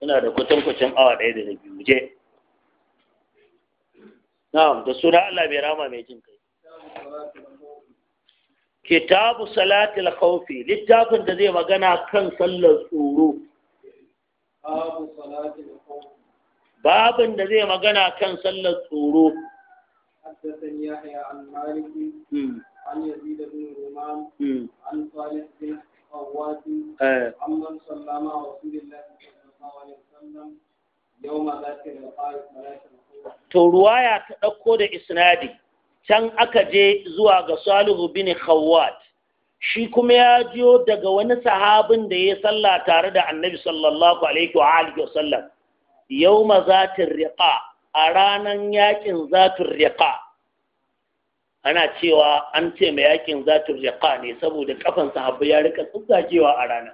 suna da kwatankwacin awa ɗaya da na biyu je na'am da suna Allah bai rama mai jin kai kitabu salatil khawfi littafin da zai magana kan sallar tsoro babin da zai magana kan sallar tsoro حدثني يحيى عن مالك عن يزيد بن رومان to ruwaya ta ɗauko da isnadi can aka je zuwa ga salihu bin khawwat shi kuma ya jiyo daga wani sahabin da ya sallah tare da annabi sallallahu alaihi wa alihi wasallam yawma zatir riqa a ranan yakin zatir riqa ana cewa an ce mai yakin zatir riqa ne saboda kafan sahabbai ya rika tsatsakewa a rana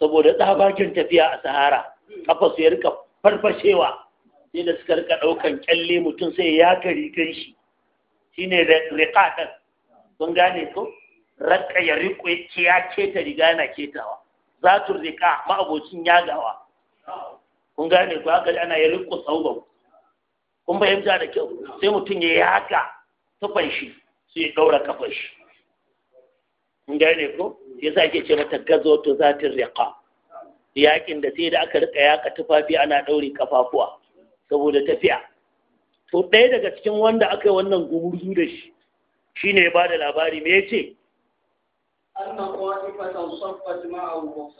saboda tsabakin tafiya a sahara kafa su ya rika farfashewa sai da suka rika ɗaukan kyalle mutum sai ya kari kai shi da riƙa ɗan sun gane ko rakka ya riƙo ya keta riga yana ketawa tu riƙa ma'abocin yagawa kun gane ko haka ana ya riƙo tsawon kun bayyanta da kyau sai mutum ya yi tufan shi su ya ɗaura kafan shi kun gane ko yasa ake ce mata gazo to zatin riƙa yakin da sai da aka rika yaka tufafi ana ɗaure kafafuwa saboda tafiya to ɗaya daga cikin wanda aka yi wannan gumurzu da shi shine ya bada labari me yace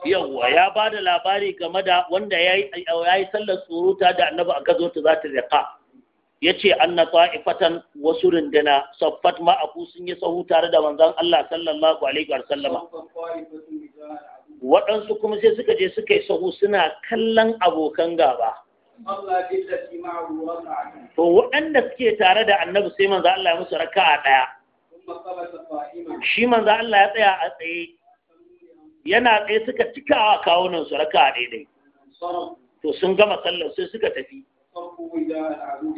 yawwa ya bada labari game da wanda yayi yi sallar tsoruta da annabi a gazo ta za ta zaka ya ce anna ta'ifatan wasu rundana saffat ma'aku sun yi sahu tare da manzon Allah sallallahu alaihi wa sallama waɗansu kuma sai suka je suka yi sahu suna kallon abokan gaba to waɗanda suke tare da annabi sai manzo Allah ya musu raka a ɗaya shi manzo Allah ya tsaya a tsaye yana tsaye suka cikawa kawunan su a daidai to sun gama sallar sai suka tafi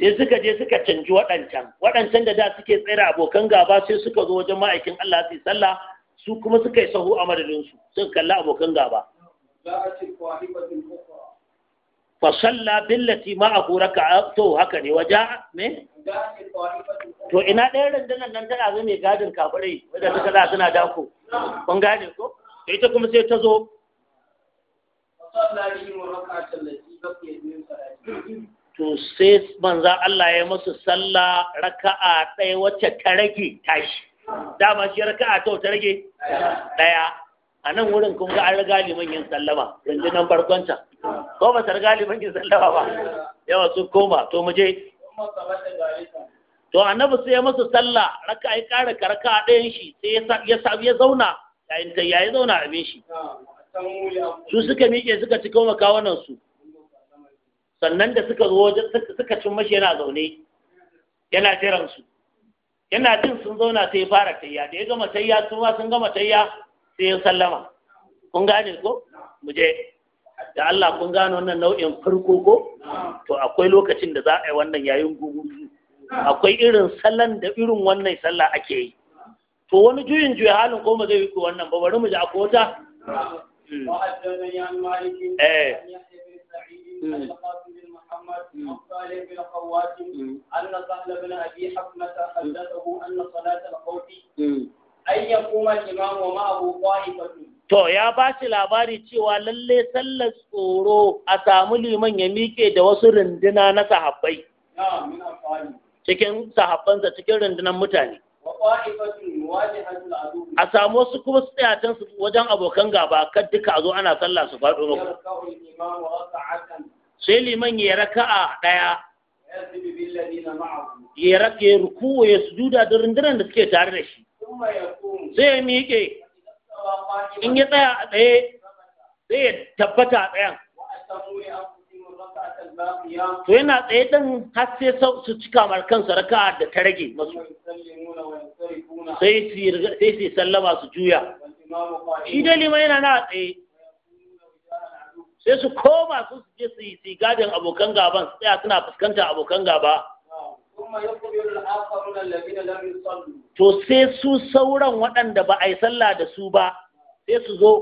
sai suka je suka canji waɗancan waɗancan da da suke tsere abokan gaba sai suka zo wajen ma'aikin Allah su sallah su kuma suka yi sahu a madadinsu sun kalli abokan gaba fasalla billati kura ka to haka ne waja me to ina ɗaya rundunar nan tana zo mai gadin kafirai wadda suka za suna dako kun gane ko to ita kuma sai ta zo to sai manza Allah ya musu sallah raka'a ɗaya wacce ta rage tashi dama shi raka'a ta ta rage daya a nan wurin kun ga an riga liman yin sallama yanzu nan barkwanta ko ba ta riga yin sallama ba yawa sun koma to mu je to annabi sai ya masa sallah raka ya kara karka ɗayan shi sai ya ya zauna yayin ta yayi zauna abin shi su suka miƙe suka ci koma kawunan su sannan da suka zo suka cin mashi yana zaune yana jiran su yana jin sun zauna sai ya fara tayya da ya gama tayya su ma sun gama tayya sai ya sallama kun gane ko mu je da Allah kun gane wannan nau'in farko ko to akwai lokacin da za a yi wannan yayin gugu akwai irin sallan da irin wannan sallah ake yi to wani juyin juya halin ko mu zai yi wannan ba bari mu ji akwai wata بن أن سهل بن أبي حكمة حدثه أن صلاة الخوف أن يقوم الإمام ومعه طائفة To ya ba shi labari cewa lalle sallar tsoro a samu liman ya miƙe da wasu runduna na sahabbai. Cikin sahabbansa cikin rundunan mutane. a samu wasu kuma su tsaya can wajen abokan gaba kan duka a zo ana sallah su faɗo muku sai liman ya raka'a ɗaya ya rake ruku ya sujuda da rundunar da suke tare da shi sai ya miƙe in ya tsaya a tsaye sai ya tabbata a tsayan to yana tsaye ɗin har sai su cika markansa raka'a da ta rage masu sai su sallama su juya shi dai liman yana na tsaye sai su koma su je su yi gadin abokan gaban su tsaya suna fuskanta abokan gaba to sai su sauran waɗanda ba a yi sallah da su ba sai su zo